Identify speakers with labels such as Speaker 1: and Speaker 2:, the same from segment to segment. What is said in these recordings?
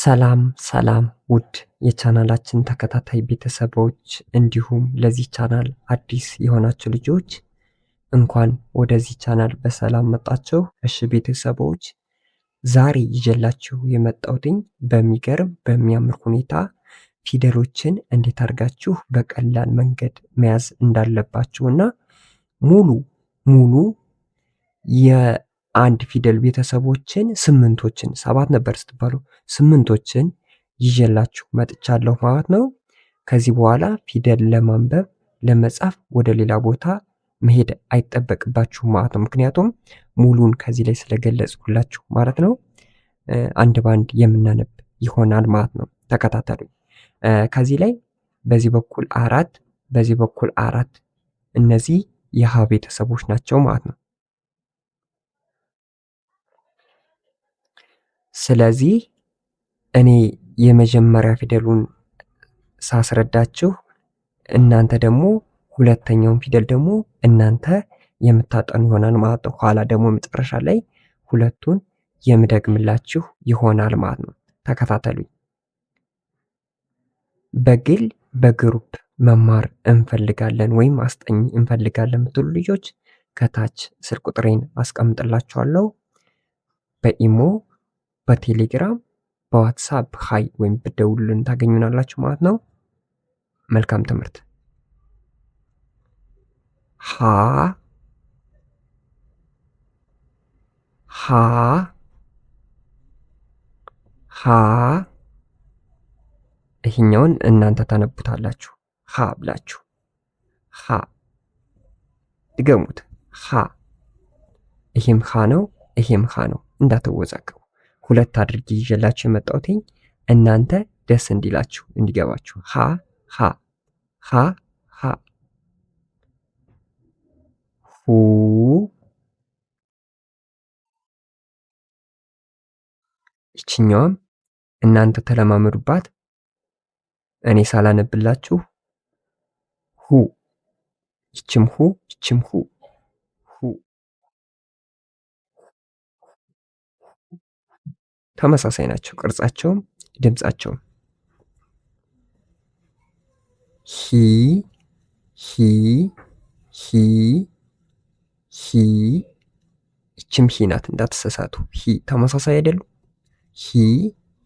Speaker 1: ሰላም ሰላም ውድ የቻናላችን ተከታታይ ቤተሰቦች እንዲሁም ለዚህ ቻናል አዲስ የሆናችሁ ልጆች እንኳን ወደዚህ ቻናል በሰላም መጣችሁ። እሺ ቤተሰቦች ዛሬ ይዤላችሁ የመጣሁትኝ በሚገርም በሚያምር ሁኔታ ፊደሎችን እንዴት አድርጋችሁ በቀላል መንገድ መያዝ እንዳለባችሁ እና ሙሉ ሙሉ አንድ ፊደል ቤተሰቦችን ስምንቶችን ሰባት ነበር ስትባሉ ስምንቶችን ይዤላችሁ መጥቻለሁ ማለት ነው። ከዚህ በኋላ ፊደል ለማንበብ ለመጻፍ ወደ ሌላ ቦታ መሄድ አይጠበቅባችሁ ማለት ነው። ምክንያቱም ሙሉን ከዚህ ላይ ስለገለጽኩላችሁ ማለት ነው። አንድ ባንድ የምናነብ ይሆናል ማለት ነው። ተከታተሉ ከዚህ ላይ በዚህ በኩል አራት፣ በዚህ በኩል አራት፣ እነዚህ የሀ ቤተሰቦች ናቸው ማለት ነው። ስለዚህ እኔ የመጀመሪያ ፊደሉን ሳስረዳችሁ እናንተ ደግሞ ሁለተኛውን ፊደል ደግሞ እናንተ የምታጠኑ ይሆናል ማለት ነው። ኋላ ደግሞ መጨረሻ ላይ ሁለቱን የምደግምላችሁ ይሆናል ማለት ነው። ተከታተሉኝ። በግል በግሩፕ መማር እንፈልጋለን ወይም አስጠኝ እንፈልጋለን ምትሉ ልጆች ከታች ስልክ ቁጥሬን አስቀምጥላችኋለሁ በኢሞ በቴሌግራም በዋትሳፕ ሀይ ወይም ብደውሉልን ታገኙናላችሁ ማለት ነው። መልካም ትምህርት። ሀ ሀ ሀ ይህኛውን እናንተ ታነቡታላችሁ። ሀ ብላችሁ ሀ ድገሙት። ሀ ይሄም ሀ ነው። ይሄም ሀ ነው። እንዳትወዛገቡ። ሁለት አድርጌ ይዤላችሁ የመጣሁትኝ እናንተ ደስ እንዲላችሁ እንዲገባችሁ። ሀ ሀ ሀ ሀ ሁ ይችኛዋም እናንተ ተለማመዱባት። እኔ ሳላነብላችሁ ሁ ይችም ሁ ይችም ሁ ተመሳሳይ ናቸው ቅርጻቸውም ድምጻቸውም። ሂ ሂ ሂ ሂ እችም ሂ ናት፣ እንዳትሳሳቱ ሂ ተመሳሳይ አይደሉ። ሂ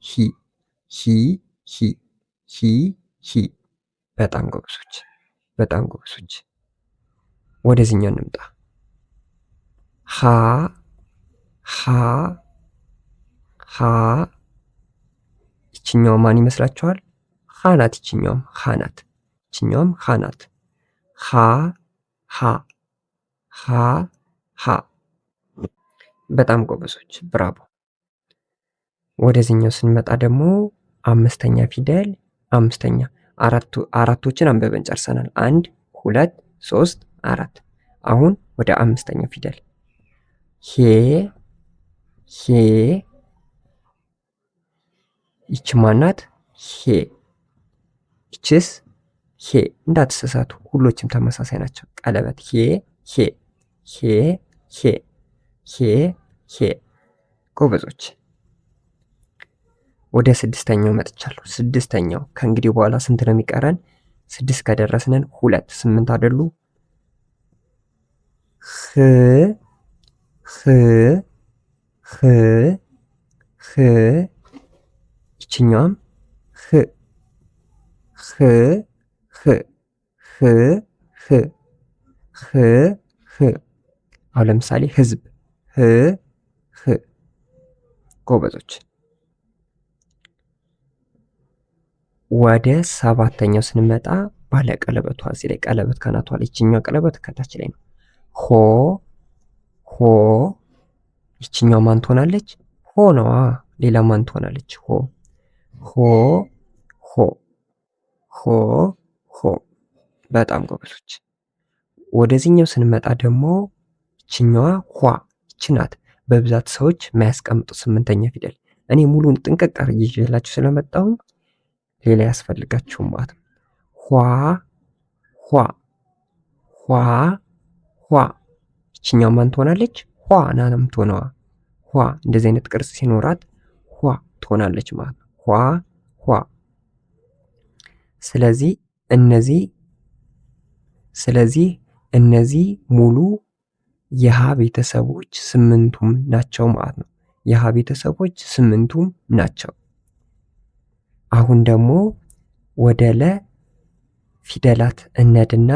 Speaker 1: ሂ ሂ ሂ ሂ ሂ። በጣም ጎብሶች፣ በጣም ጎብሶች። ወደዚህኛው እንምጣ። ሃ ሃ ሀ ይችኛው ማን ይመስላችኋል? ሀ ናት። ይችኛውም ሀ ናት። ይችኛውም ሀ ናት። ሀ ሀ ሀ ሀ። በጣም ጎበዞች፣ ብራቦ። ወደዚህኛው ስንመጣ ደግሞ አምስተኛ ፊደል አምስተኛ አራቶችን አንብበን ጨርሰናል። አንድ ሁለት ሶስት አራት። አሁን ወደ አምስተኛው ፊደል ሄ ሄ ይች ማናት? ሄ። ይችስ? ሄ። እንዳትሳሳቱ፣ ሁሎችም ተመሳሳይ ናቸው። ቀለበት ሄ ሄ ሄ ሄ ሄ ሄ። ጎበዞች ወደ ስድስተኛው መጥቻለሁ። ስድስተኛው ከእንግዲህ በኋላ ስንት ነው የሚቀረን? ስድስት ከደረስንን ሁለት ስምንት አደሉ? ህ ህ ህ ህ ይችኛዋም ህ ህ ህ ህ ህ ህ ህ አሁን ለምሳሌ ህዝብ ህ ህ ጎበዞች። ወደ ሰባተኛው ስንመጣ ባለ ቀለበቷ እዚህ ላይ ቀለበት ከናቷ ላይ ይችኛው ቀለበት ከታች ላይ ነው። ሆ ሆ ይችኛው ማን ትሆናለች? ሆነዋ ሌላ ማን ትሆናለች? ሆ ሆ ሆ ሆ ሆ። በጣም ጎበዞች። ወደዚህኛው ስንመጣ ደግሞ ይችኛዋ ኳ ይች ናት። በብዛት ሰዎች የማያስቀምጡት ስምንተኛ ፊደል እኔ ሙሉን ጥንቅቅ አድርጌ ይዤላችሁ ስለመጣሁ ሌላ ያስፈልጋችሁም ማለት ነው። ኳ ኳ ኳ። ኋ። ማን ትሆናለች? ኳ ናንም ትሆነዋ ኳ እንደዚህ አይነት ቅርጽ ሲኖራት ኳ ትሆናለች ማለት ነው። ኋ ስለዚህ እነዚህ ስለዚህ እነዚህ ሙሉ የሀ ቤተሰቦች ስምንቱም ናቸው ማለት ነው። የሀ ቤተሰቦች ስምንቱም ናቸው። አሁን ደግሞ ወደ ለ ፊደላት እነድና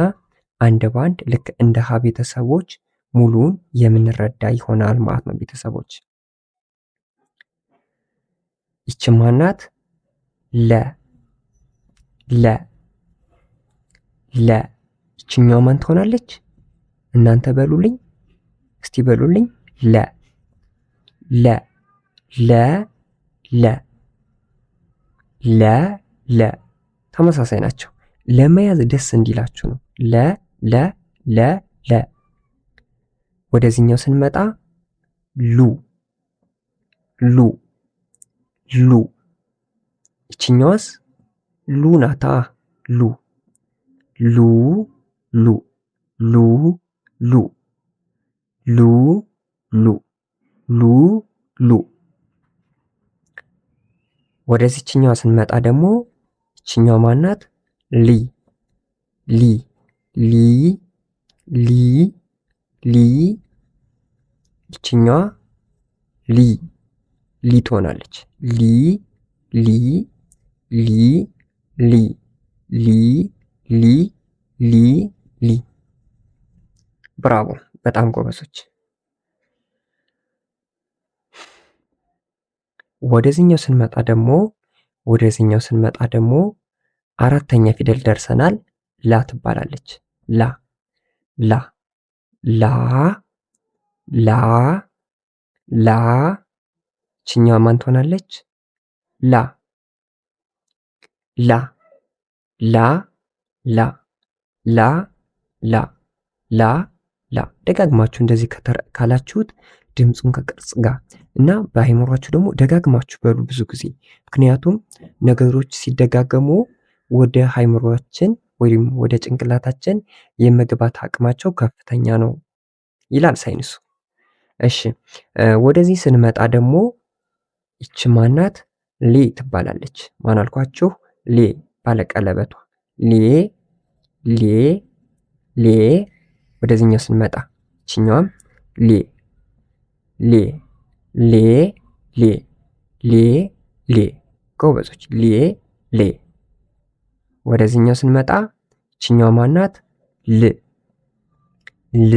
Speaker 1: አንድ ባንድ ልክ እንደ ሀ ቤተሰቦች ሙሉውን የምንረዳ ይሆናል ማለት ነው ቤተሰቦች ይች ማናት? ለ ለ ለ ይችኛው ማን ትሆናለች? እናንተ በሉልኝ፣ እስቲ በሉልኝ። ለ ለ ለ ለ ለ ለ ተመሳሳይ ናቸው። ለመያዝ ደስ እንዲላችሁ ነው። ለ ለ ለ ለ ወደዚህኛው ስንመጣ ሉ ሉ ሉ ይችኛዋስ ሉ ናታ። ሉ ሉ ሉ ሉ ሉ ሉ ሉ ሉ ሉ ወደዚችኛዋ ስንመጣ ደግሞ ይችኛዋ ማናት? ሊ ሊ ሊ ሊ ሊ ይችኛዋ ሊ ሊ ትሆናለች። ሊ ሊ ሊ ሊ ሊ ሊ ሊ ሊ። ብራቮ! በጣም ጎበዞች። ወደዚህኛው ስንመጣ ደግሞ ወደዚህኛው ስንመጣ ደግሞ አራተኛ ፊደል ደርሰናል። ላ ትባላለች። ላ ላ ላ ላ ላ ችኛዋ ማን ትሆናለች? ላ ላ ላ ላ ላ ላ ላ ላ። ደጋግማችሁ እንደዚህ ካላችሁት ድምፁን ከቅርጽ ጋር እና በአይምሯችሁ ደግሞ ደጋግማችሁ በሉ ብዙ ጊዜ። ምክንያቱም ነገሮች ሲደጋገሙ ወደ አይምሯችን ወይም ወደ ጭንቅላታችን የመግባት አቅማቸው ከፍተኛ ነው ይላል ሳይንሱ። እሺ ወደዚህ ስንመጣ ደግሞ ይች ማናት? ሊ ትባላለች። ማን አልኳችሁ? ሊ ባለቀለበቷ ሊ ሊ ሊ። ወደዚህኛው ስንመጣ ይችኛዋም ሊ ሊ ሊ ሊ ሊ ሊ። ጎበዞች ሊ ሊ። ወደዚህኛው ስንመጣ ይችኛዋ ማናት? ል ል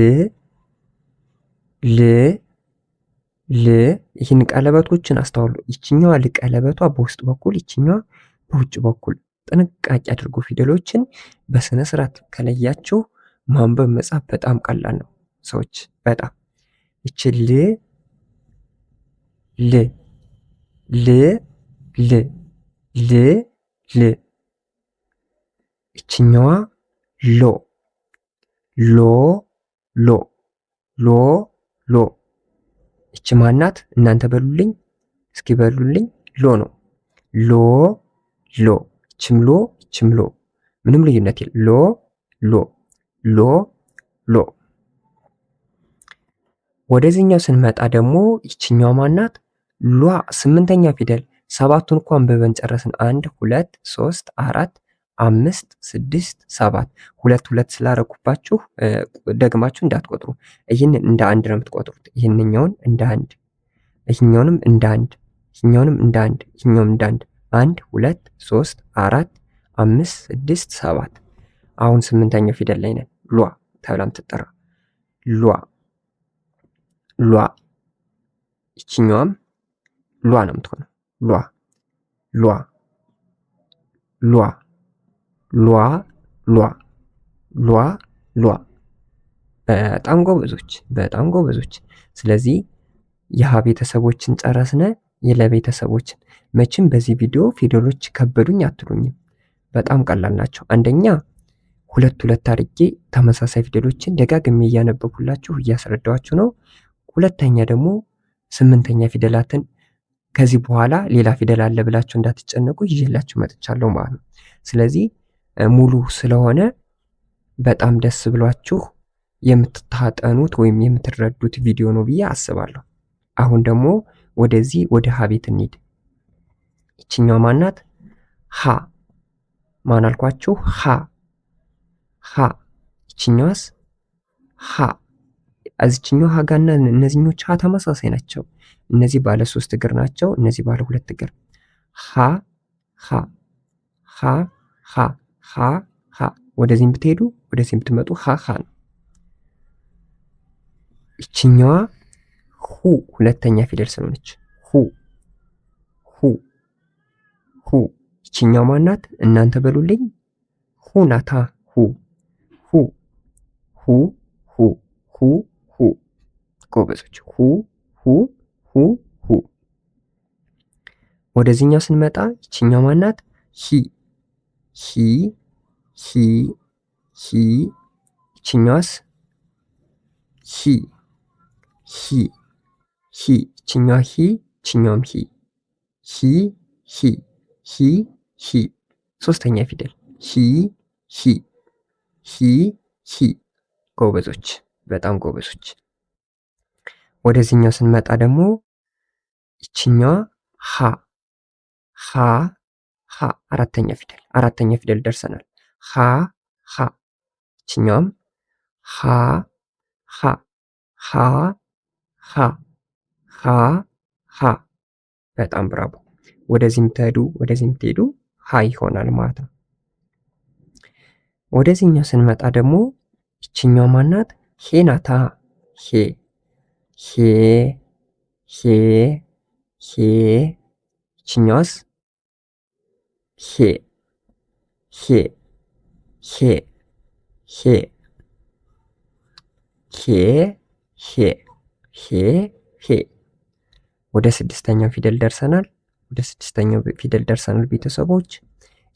Speaker 1: ል ል ይህን ቀለበቶችን አስተዋሉ። ይችኛዋ ል ቀለበቷ በውስጥ በኩል ይችኛዋ በውጭ በኩል። ጥንቃቄ አድርጎ ፊደሎችን በስነ ስርዓት ከለያቸው ማንበብ መጻፍ በጣም ቀላል ነው። ሰዎች በጣም ይች ል ል ል ል ል ል ይችኛዋ ሎ ሎ ሎ ሎ ሎ እች ማናት? እናንተ በሉልኝ፣ እስኪ በሉልኝ። ሎ ነው። ሎ ሎ፣ እችም ሎ፣ እችም ሎ፣ ምንም ልዩነት የለ። ሎ ሎ ሎ ሎ። ወደዚህኛው ስንመጣ ደግሞ ይችኛው ማናት? ሏ፣ ስምንተኛ ፊደል። ሰባቱን እንኳን አንብበን ጨረስን። አንድ ሁለት ሶስት አራት አምስት ስድስት ሰባት ሁለት ሁለት ስላረኩባችሁ ደግማችሁ እንዳትቆጥሩ። ይህን እንደ አንድ ነው የምትቆጥሩት። ይህንኛውን እንደ አንድ፣ ይህኛውንም እንደ አንድ፣ ይህኛውንም እንደ አንድ፣ ይህኛውም እንደ አንድ። አንድ ሁለት ሶስት አራት አምስት ስድስት ሰባት። አሁን ስምንተኛው ፊደል ላይ ነን። ሏ ተብላ የምትጠራ ሏ ሏ። ይችኛዋም ሏ ነው የምትሆነው። ሏ ሏ ሏ ሏ ሏ ሏ ሏ። በጣም ጎበዞች፣ በጣም ጎበዞች። ስለዚህ የሀ ቤተሰቦችን ጨረስነ። የለ ቤተሰቦችን መቼም በዚህ ቪዲዮ ፊደሎች ከበዱኝ አትሉኝም። በጣም ቀላል ናቸው። አንደኛ ሁለት ሁለት አድርጌ ተመሳሳይ ፊደሎችን ደጋግሜ እያነበብኩላችሁ እያስረዳኋችሁ ነው። ሁለተኛ ደግሞ ስምንተኛ ፊደላትን ከዚህ በኋላ ሌላ ፊደል አለ ብላችሁ እንዳትጨነቁ ይዤላችሁ መጥቻለሁ ማለት ነው። ስለዚህ ሙሉ ስለሆነ በጣም ደስ ብሏችሁ የምትታጠኑት ወይም የምትረዱት ቪዲዮ ነው ብዬ አስባለሁ። አሁን ደግሞ ወደዚህ ወደ ሀ ቤት እንሂድ። ይችኛው ማናት? ሀ ማን አልኳችሁ? ሀ ሀ ይችኛዋስ? ሀ እዚችኛው ሀ እነዚህኞች ሀ ተመሳሳይ ናቸው። እነዚህ ባለ ሶስት እግር ናቸው። እነዚህ ባለ ሁለት እግር ሀ ሀ ሀ ሀ ሀ ሀ። ወደዚህም ብትሄዱ ወደዚህ ብትመጡ ሀ ሀ ነው። ይችኛዋ ሁ ሁለተኛ ፊደል ስለሆነች ሁ ሁ ሁ። ይችኛው ማናት? እናንተ በሉልኝ። ሁ ናታ። ሁ ሁ ሁ ሁ ሁ ሁ። ጎበዞች። ሁ ሁ ሁ ሁ። ወደዚህኛው ስንመጣ ይችኛው ማናት? ሂ ሂ ሂ ሂ ይችኛዋስ ሂ ሂ ሂ ይችኛዋ ሂ ይችኛውም ሂ ሂ ሂ ሂ ሂ ሶስተኛ ፊደል ሂ ሂ ሂ ሂ ጎበዞች፣ በጣም ጎበዞች። ወደዚህኛው ስንመጣ ደግሞ ይችኛዋ ሃ ሃ ሀ አራተኛ ፊደል አራተኛ ፊደል ደርሰናል። ሀ ሀ ይችኛዋም ሀ ሀ ሀ ሀ ሀ ሀ በጣም ብራቦ። ወደዚህ ተሄዱ ወደዚህም ምትሄዱ ሀ ይሆናል ማለት ነው። ወደዚህኛው ስንመጣ ደግሞ ይችኛው ማናት? ሄ ናታ። ሄ ሄ ሄ ሄ ይችኛዋስ ሄ ወደ ስድስተኛው ፊደል ደርሰናል። ወደ ስድስተኛው ፊደል ደርሰናል ቤተሰቦች።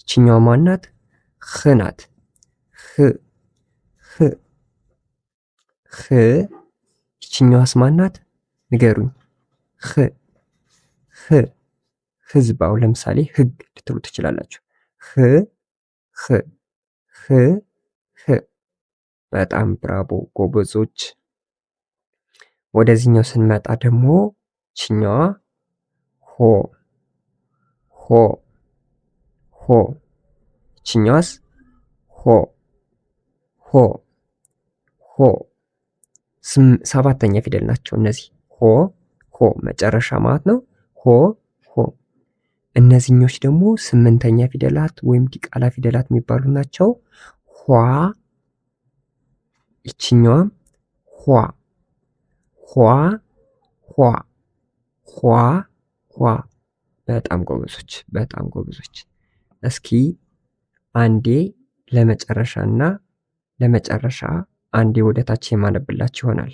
Speaker 1: ይችኛዋ ማናት? ህ ናት። ህ ህ ህ ይችኛዋስ ማናት? ንገሩኝ። ህ ህ ህዝብ አሁን ለምሳሌ ህግ ልትሉ ትችላላችሁ። ህ ህ ህ ህ። በጣም ብራቦ ጎበዞች። ወደዚህኛው ስንመጣ ደግሞ ችኛዋ ሆ ሆ ሆ። ችኛዋስ ሆ ሆ ሆ። ሰባተኛ ፊደል ናቸው እነዚህ ሆ ሆ መጨረሻ ማለት ነው ሆ እነዚህኞች ደግሞ ስምንተኛ ፊደላት ወይም ዲቃላ ፊደላት የሚባሉ ናቸው። ኋ ይችኛዋም ኋ ኋ ኋ ኋ ኋ። በጣም ጎበዞች፣ በጣም ጎበዞች። እስኪ አንዴ ለመጨረሻ እና ለመጨረሻ አንዴ ወደ ታች የማነብላችሁ ይሆናል።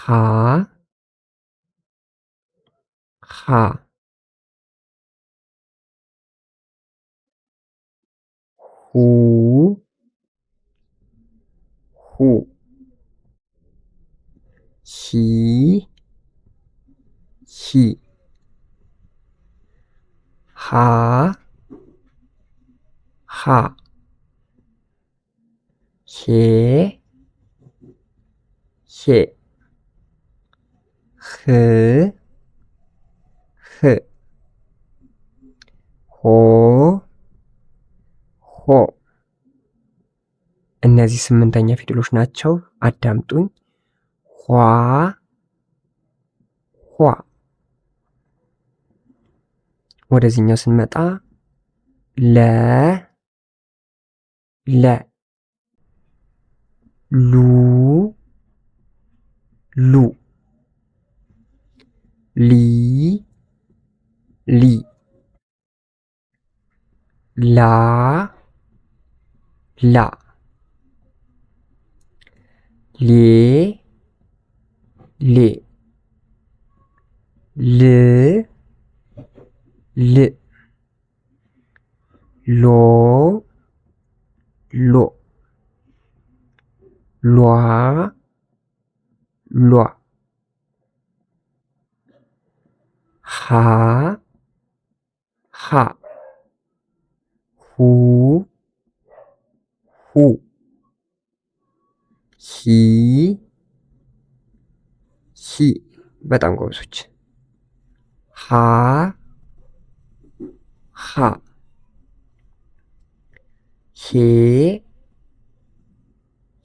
Speaker 1: ሃ 哈，胡，胡，齐，齐，哈，哈，谢，谢，和。ህ ሆ ሆ እነዚህ ስምንተኛ ፊደሎች ናቸው። አዳምጡኝ። ኋ ኋ ወደዚህኛው ስንመጣ ለ ለ ሉ ሉ ሊ ሊ ላ ላ ሌ ሌ ል ል ሎ ሎ ሏ ሏ ሃ ሀ ሁ ሁ ሂ በጣም ጎበዞች። ሀ ሀ ሄ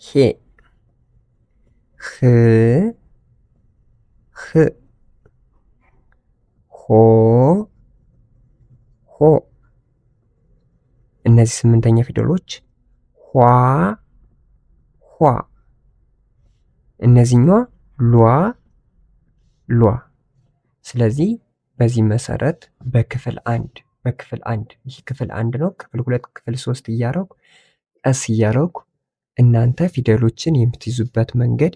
Speaker 1: ሄ ህ ህ ሆ እነዚህ ስምንተኛ ፊደሎች ኋ ኋ እነዚህኛ ሏ ሏ። ስለዚህ በዚህ መሰረት በክፍል አንድ በክፍል አንድ ይህ ክፍል አንድ ነው። ክፍል ሁለት፣ ክፍል ሶስት እያረኩ ቀስ እያረኩ እናንተ ፊደሎችን የምትይዙበት መንገድ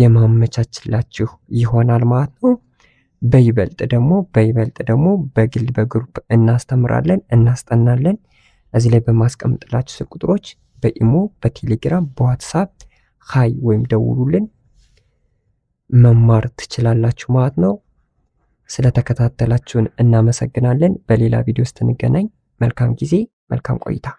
Speaker 1: የማመቻችላችሁ ይሆናል ማለት ነው። በይበልጥ ደግሞ በይበልጥ ደግሞ በግል በግሩፕ እናስተምራለን፣ እናስጠናለን። እዚህ ላይ በማስቀምጥላችሁ ስልክ ቁጥሮች በኢሞ በቴሌግራም በዋትሳፕ ሀይ ወይም ደውሉልን መማር ትችላላችሁ ማለት ነው። ስለተከታተላችሁን እናመሰግናለን። በሌላ ቪዲዮ ስትንገናኝ መልካም ጊዜ፣ መልካም ቆይታ